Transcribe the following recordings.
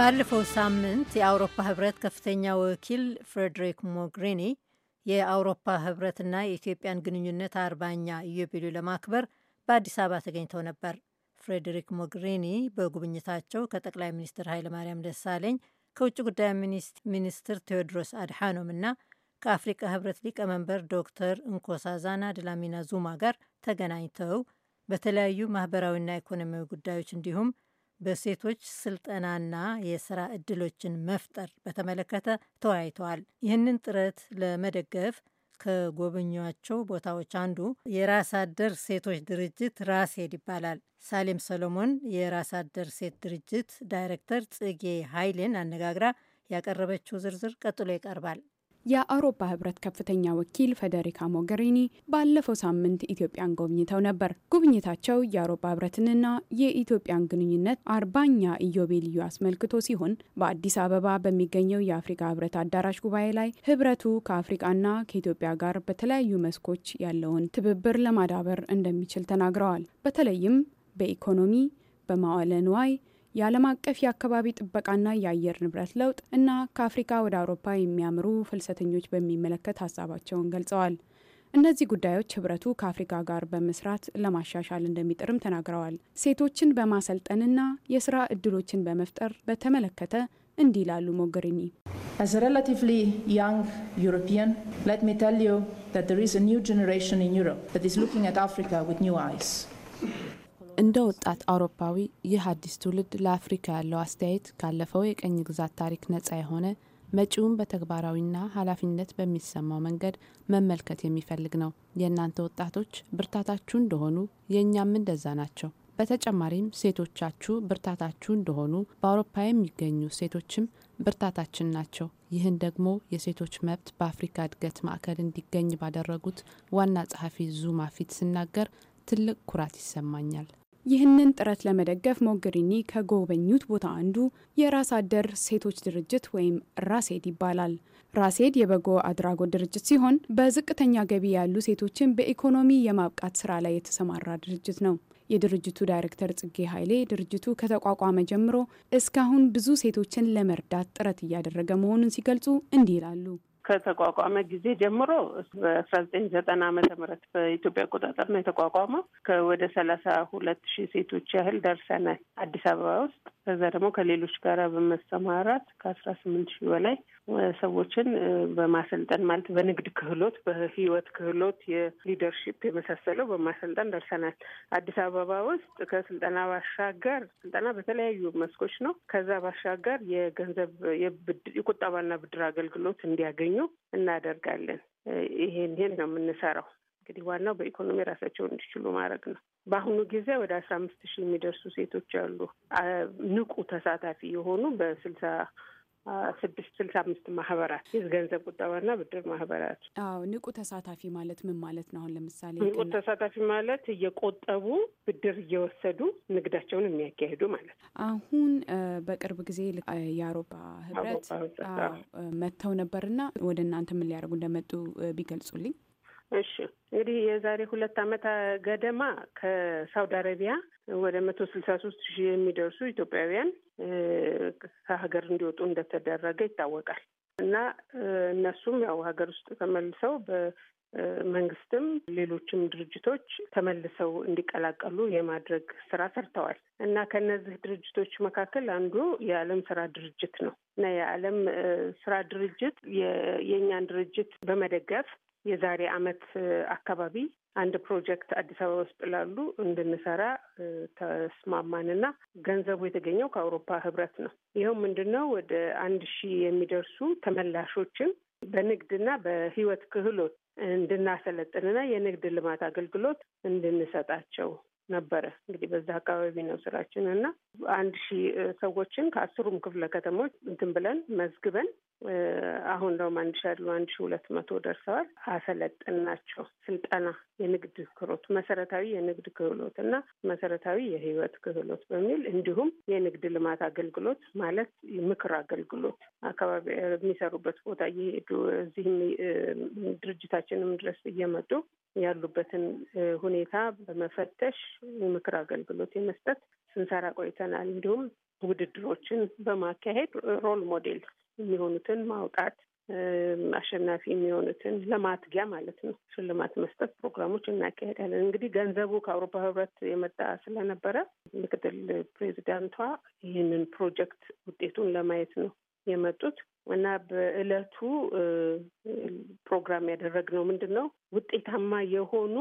ባለፈው ሳምንት የአውሮፓ ህብረት ከፍተኛ ወኪል ፍሬድሪክ ሞግሪኒ የአውሮፓ ህብረትና የኢትዮጵያን ግንኙነት አርባኛ ኢዮቤልዩ ለማክበር በአዲስ አበባ ተገኝተው ነበር። ፍሬድሪክ ሞግሪኒ በጉብኝታቸው ከጠቅላይ ሚኒስትር ኃይለማርያም ደሳለኝ ከውጭ ጉዳይ ሚኒስትር ቴዎድሮስ አድሓኖም እና ከአፍሪቃ ህብረት ሊቀመንበር ዶክተር እንኮሳዛና ድላሚና ዙማ ጋር ተገናኝተው በተለያዩ ማህበራዊና ኢኮኖሚያዊ ጉዳዮች እንዲሁም በሴቶች ስልጠናና የስራ እድሎችን መፍጠር በተመለከተ ተወያይተዋል። ይህንን ጥረት ለመደገፍ ከጎበኟቸው ቦታዎች አንዱ የራስ አደር ሴቶች ድርጅት ራሴድ ይባላል። ሳሌም ሰሎሞን የራስ አደር ሴት ድርጅት ዳይሬክተር ጽጌ ኃይሌን አነጋግራ ያቀረበችው ዝርዝር ቀጥሎ ይቀርባል። የአውሮፓ ህብረት ከፍተኛ ወኪል ፌዴሪካ ሞገሪኒ ባለፈው ሳምንት ኢትዮጵያን ጎብኝተው ነበር። ጉብኝታቸው የአውሮፓ ህብረትንና የኢትዮጵያን ግንኙነት አርባኛ ኢዮቤልዩ አስመልክቶ ሲሆን በአዲስ አበባ በሚገኘው የአፍሪካ ህብረት አዳራሽ ጉባኤ ላይ ህብረቱ ከአፍሪቃና ከኢትዮጵያ ጋር በተለያዩ መስኮች ያለውን ትብብር ለማዳበር እንደሚችል ተናግረዋል። በተለይም በኢኮኖሚ፣ በማዋለ ንዋይ የዓለም አቀፍ የአካባቢ ጥበቃና የአየር ንብረት ለውጥ እና ከአፍሪካ ወደ አውሮፓ የሚያምሩ ፍልሰተኞች በሚመለከት ሀሳባቸውን ገልጸዋል። እነዚህ ጉዳዮች ህብረቱ ከአፍሪካ ጋር በመስራት ለማሻሻል እንደሚጥርም ተናግረዋል። ሴቶችን በማሰልጠንና የስራ እድሎችን በመፍጠር በተመለከተ እንዲህ ይላሉ ሞገሪኒ። As a relatively young European, let me tell you that there is a new generation in Europe that is looking at Africa with new eyes. እንደ ወጣት አውሮፓዊ ይህ አዲስ ትውልድ ለአፍሪካ ያለው አስተያየት ካለፈው የቀኝ ግዛት ታሪክ ነጻ የሆነ መጪውን በተግባራዊና ኃላፊነት በሚሰማው መንገድ መመልከት የሚፈልግ ነው። የእናንተ ወጣቶች ብርታታችሁ እንደሆኑ የእኛም እንደዛ ናቸው። በተጨማሪም ሴቶቻችሁ ብርታታችሁ እንደሆኑ በአውሮፓ የሚገኙ ሴቶችም ብርታታችን ናቸው። ይህን ደግሞ የሴቶች መብት በአፍሪካ እድገት ማዕከል እንዲገኝ ባደረጉት ዋና ጸሐፊ ዙማ ፊት ስናገር ትልቅ ኩራት ይሰማኛል። ይህንን ጥረት ለመደገፍ ሞገሪኒ ከጎበኙት ቦታ አንዱ የራስ አደር ሴቶች ድርጅት ወይም ራሴድ ይባላል። ራሴድ የበጎ አድራጎት ድርጅት ሲሆን በዝቅተኛ ገቢ ያሉ ሴቶችን በኢኮኖሚ የማብቃት ስራ ላይ የተሰማራ ድርጅት ነው። የድርጅቱ ዳይሬክተር ጽጌ ኃይሌ ድርጅቱ ከተቋቋመ ጀምሮ እስካሁን ብዙ ሴቶችን ለመርዳት ጥረት እያደረገ መሆኑን ሲገልጹ እንዲህ ይላሉ። ከተቋቋመ ጊዜ ጀምሮ በአስራ ዘጠኝ ዘጠና ዓመተ ምህረት በኢትዮጵያ አቆጣጠር ነው የተቋቋመው። ከወደ ሰላሳ ሁለት ሺህ ሴቶች ያህል ደርሰናል አዲስ አበባ ውስጥ ከዛ ደግሞ ከሌሎች ጋራ በመሰማራት ከአስራ ስምንት ሺህ በላይ ሰዎችን በማሰልጠን ማለት በንግድ ክህሎት፣ በህይወት ክህሎት፣ የሊደርሽፕ የመሳሰለው በማሰልጠን ደርሰናል። አዲስ አበባ ውስጥ ከስልጠና ባሻገር ስልጠና በተለያዩ መስኮች ነው። ከዛ ባሻገር የገንዘብ የቁጠባና ብድር አገልግሎት እንዲያገኙ እናደርጋለን። ይሄን ይሄን ነው የምንሰራው። እንግዲህ ዋናው በኢኮኖሚ ራሳቸውን እንዲችሉ ማድረግ ነው። በአሁኑ ጊዜ ወደ አስራ አምስት ሺህ የሚደርሱ ሴቶች አሉ ንቁ ተሳታፊ የሆኑ በስልሳ ስድስት ስልሳ አምስት ማህበራት ገንዘብ ቁጠባና ብድር ማህበራት። አዎ ንቁ ተሳታፊ ማለት ምን ማለት ነው? አሁን ለምሳሌ ንቁ ተሳታፊ ማለት እየቆጠቡ ብድር እየወሰዱ ንግዳቸውን የሚያካሂዱ ማለት ነው። አሁን በቅርብ ጊዜ የአውሮፓ ህብረት መጥተው ነበርና ወደ እናንተ ምን ሊያደርጉ እንደመጡ ቢገልጹልኝ። እሺ እንግዲህ የዛሬ ሁለት አመት ገደማ ከሳውዲ አረቢያ ወደ መቶ ስልሳ ሶስት ሺህ የሚደርሱ ኢትዮጵያውያን ከሀገር እንዲወጡ እንደተደረገ ይታወቃል እና እነሱም ያው ሀገር ውስጥ ተመልሰው በመንግስትም ሌሎችም ድርጅቶች ተመልሰው እንዲቀላቀሉ የማድረግ ስራ ሰርተዋል እና ከነዚህ ድርጅቶች መካከል አንዱ የዓለም ስራ ድርጅት ነው እና የዓለም ስራ ድርጅት የእኛን ድርጅት በመደገፍ የዛሬ አመት አካባቢ አንድ ፕሮጀክት አዲስ አበባ ውስጥ ላሉ እንድንሰራ ተስማማንና ገንዘቡ የተገኘው ከአውሮፓ ህብረት ነው። ይኸው ምንድን ነው ወደ አንድ ሺህ የሚደርሱ ተመላሾችን በንግድና በህይወት ክህሎት እንድናሰለጥንና የንግድ ልማት አገልግሎት እንድንሰጣቸው ነበረ። እንግዲህ በዛ አካባቢ ነው ስራችን እና አንድ ሺህ ሰዎችን ከአስሩም ክፍለ ከተሞች እንትን ብለን መዝግበን አሁን ደውም አንድ ሺ አሉ አንድ ሺ ሁለት መቶ ደርሰዋል። አሰለጥናቸው ስልጠና የንግድ ክህሎት መሰረታዊ የንግድ ክህሎት እና መሰረታዊ የህይወት ክህሎት በሚል እንዲሁም የንግድ ልማት አገልግሎት ማለት ምክር አገልግሎት አካባቢ የሚሰሩበት ቦታ እየሄዱ እዚህም ድርጅታችንም ድረስ እየመጡ ያሉበትን ሁኔታ በመፈተሽ የምክር አገልግሎት የመስጠት ስንሰራ ቆይተናል። እንዲሁም ውድድሮችን በማካሄድ ሮል ሞዴል የሚሆኑትን ማውጣት አሸናፊ የሚሆኑትን ለማትጊያ ማለት ነው ሽልማት መስጠት ፕሮግራሞች እናካሄዳለን። እንግዲህ ገንዘቡ ከአውሮፓ ህብረት የመጣ ስለነበረ ምክትል ፕሬዚዳንቷ ይህንን ፕሮጀክት ውጤቱን ለማየት ነው የመጡት እና በእለቱ ፕሮግራም ያደረግነው ምንድን ነው ውጤታማ የሆኑ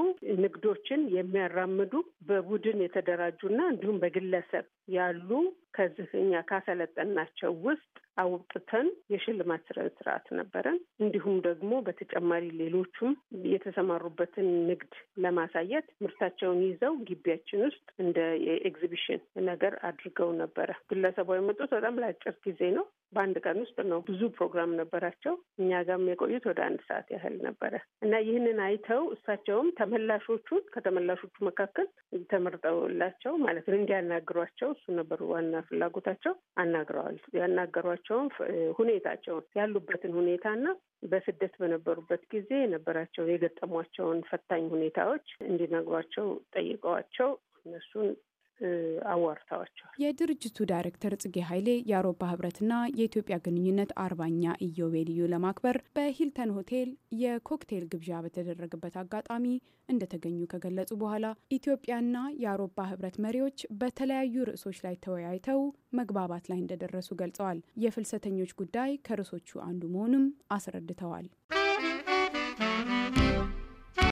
ንግዶችን የሚያራምዱ በቡድን የተደራጁና እንዲሁም በግለሰብ ያሉ ከዚህ እኛ ካሰለጠናቸው ውስጥ አውጥተን የሽልማት ስርዓት ነበረን። እንዲሁም ደግሞ በተጨማሪ ሌሎቹም የተሰማሩበትን ንግድ ለማሳየት ምርታቸውን ይዘው ግቢያችን ውስጥ እንደ የኤግዚቢሽን ነገር አድርገው ነበረ። ግለሰቧ የመጡት በጣም ለአጭር ጊዜ ነው። በአንድ ቀን ውስጥ ነው። ብዙ ፕሮግራም ነበራቸው። እኛ ጋም የቆዩት ወደ አንድ ሰዓት ያህል ነበረ እና ይህንን አይተው እሳቸውም ተመላሾቹን ከተመላሾቹ መካከል ተመርጠውላቸው ማለት ነው እንዲያናግሯቸው፣ እሱ ነበሩ ዋና ፍላጎታቸው፣ አናግረዋል። ያናገሯቸው ኑሯቸውን፣ ሁኔታቸውን፣ ያሉበትን ሁኔታና በስደት በነበሩበት ጊዜ የነበራቸው የገጠሟቸውን ፈታኝ ሁኔታዎች እንዲነግሯቸው ጠይቀዋቸው እነሱን አዋርተዋቸዋል። የድርጅቱ ዳይሬክተር ጽጌ ኃይሌ የአውሮፓ ህብረትና የኢትዮጵያ ግንኙነት አርባኛ ኢዮቤልዩ ለማክበር በሂልተን ሆቴል የኮክቴል ግብዣ በተደረገበት አጋጣሚ እንደተገኙ ከገለጹ በኋላ ኢትዮጵያና የአውሮፓ ህብረት መሪዎች በተለያዩ ርዕሶች ላይ ተወያይተው መግባባት ላይ እንደደረሱ ገልጸዋል። የፍልሰተኞች ጉዳይ ከርዕሶቹ አንዱ መሆኑም አስረድተዋል።